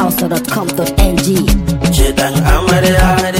house of the comfort NG. Jidan amarya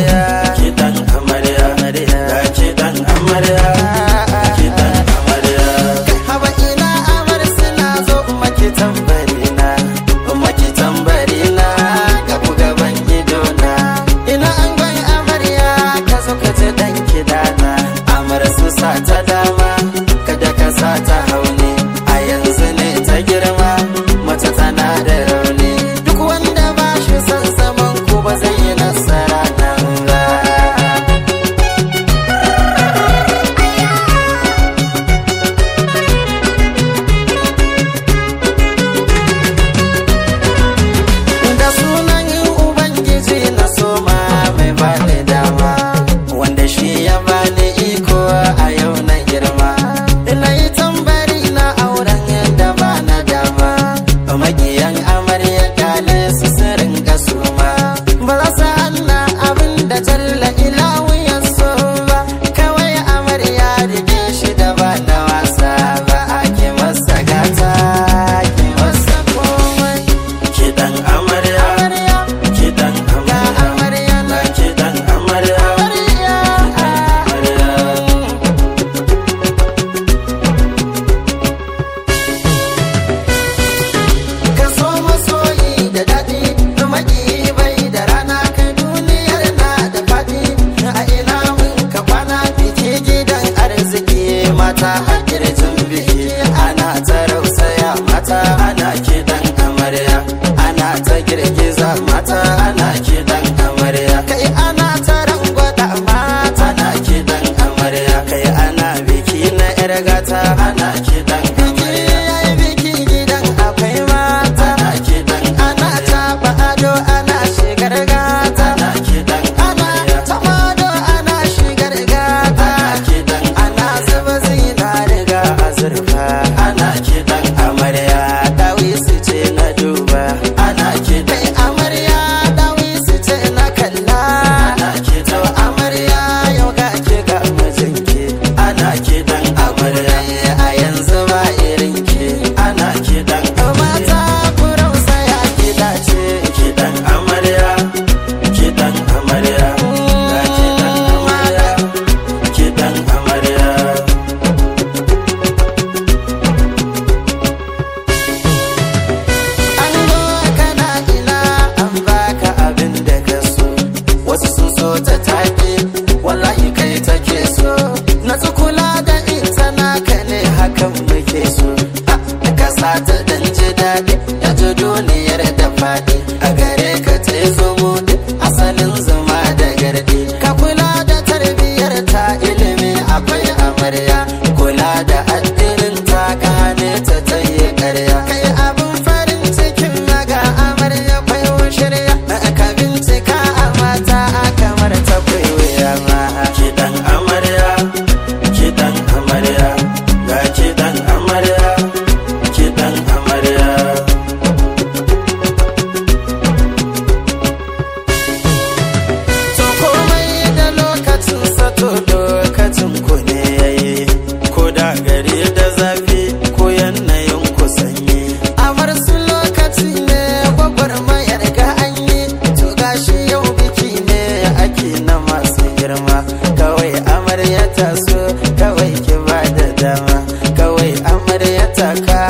dama kawai amarya taka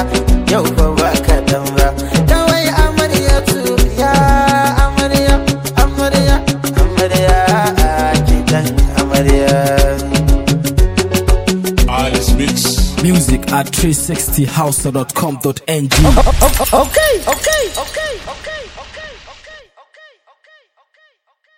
yau fa ba kaɗan ba kawai amarya ya amarya amarya amarya kiɗan amarya Alice Mix Music at 360house.com.ng Okay, okay, okay